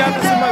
jàpp si